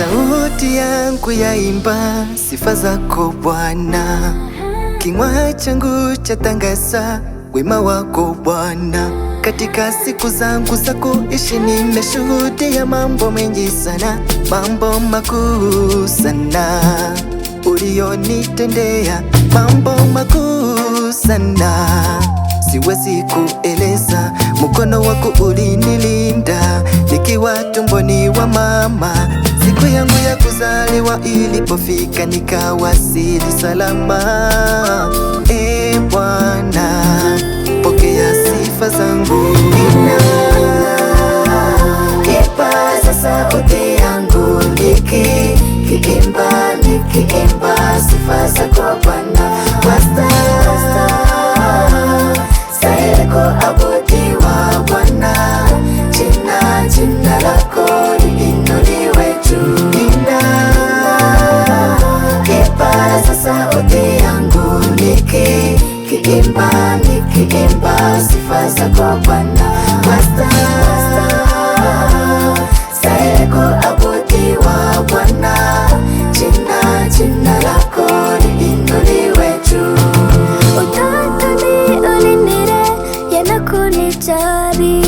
Sauti yangu yaimba sifa zako Bwana, kinywa changu chatangaza wema wako Bwana. Katika siku zangu za kuishi nimeshuhudia mambo mengi sana, mambo makuu sana ulionitendea, mambo makuu sana siwezi kueleza. Mkono wako ulinilinda nikiwa tumboni wa mama yangu ya kuzaliwa ilipofika nikawasili salama. E Bwana, pokea sifa zangu. nikiimba, nikiimba sifa zako Bwana kuabudiwa Bwana, jina jina lako liinuliwe juu. Utotoni ulinire yanakunijali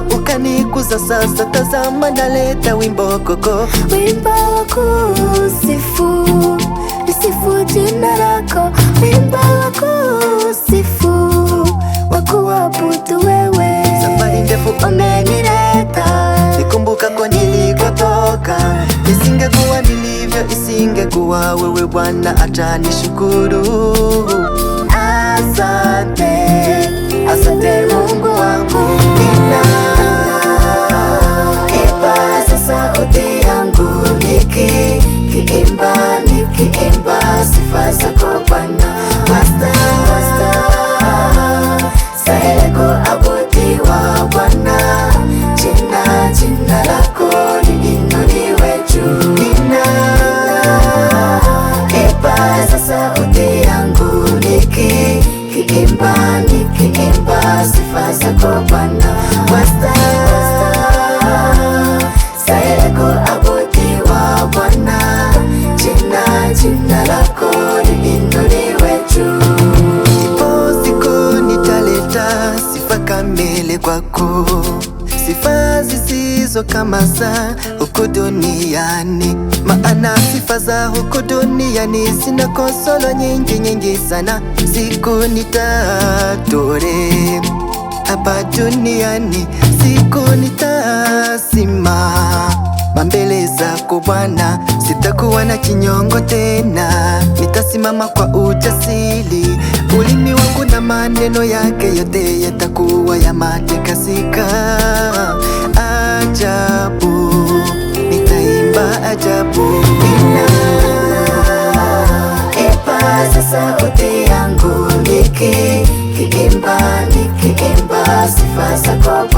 ukanikuza, sasa tazama, naleta wimbo koko, wimbo wa kusifu, nisifu jina lako, wimbo wa kusifu, wa kuabudu wewe. Safari ndefu umenileta, nikumbuka kwa nilikotoka, nisingekuwa nilivyo, isingekuwa wewe Bwana, acha nishukuru, asante nikiimba, nikiimba sifa zako Bwana Master, Master, stahili kuabudiwa Bwana, jina jina lako liinuliwe nikiimba, nikiimba sifa zako Bwana zako, sifa zisizo kama za huku duniani, maana sifa za huku duniani zina konsolo nyingi nyingi sana. Siku nitatore hapa duniani, siku nitasimama mbele zako Bwana. Sitakuwa na kinyongo tena, nitasimama kwa ujasiri. Ulimi wangu na maneno yake yote yatakuwa yametakasika. Ajabu, nitaimba ajabu, Nina ninapaza sauti yangu nikiimba, nikiimba sifa zako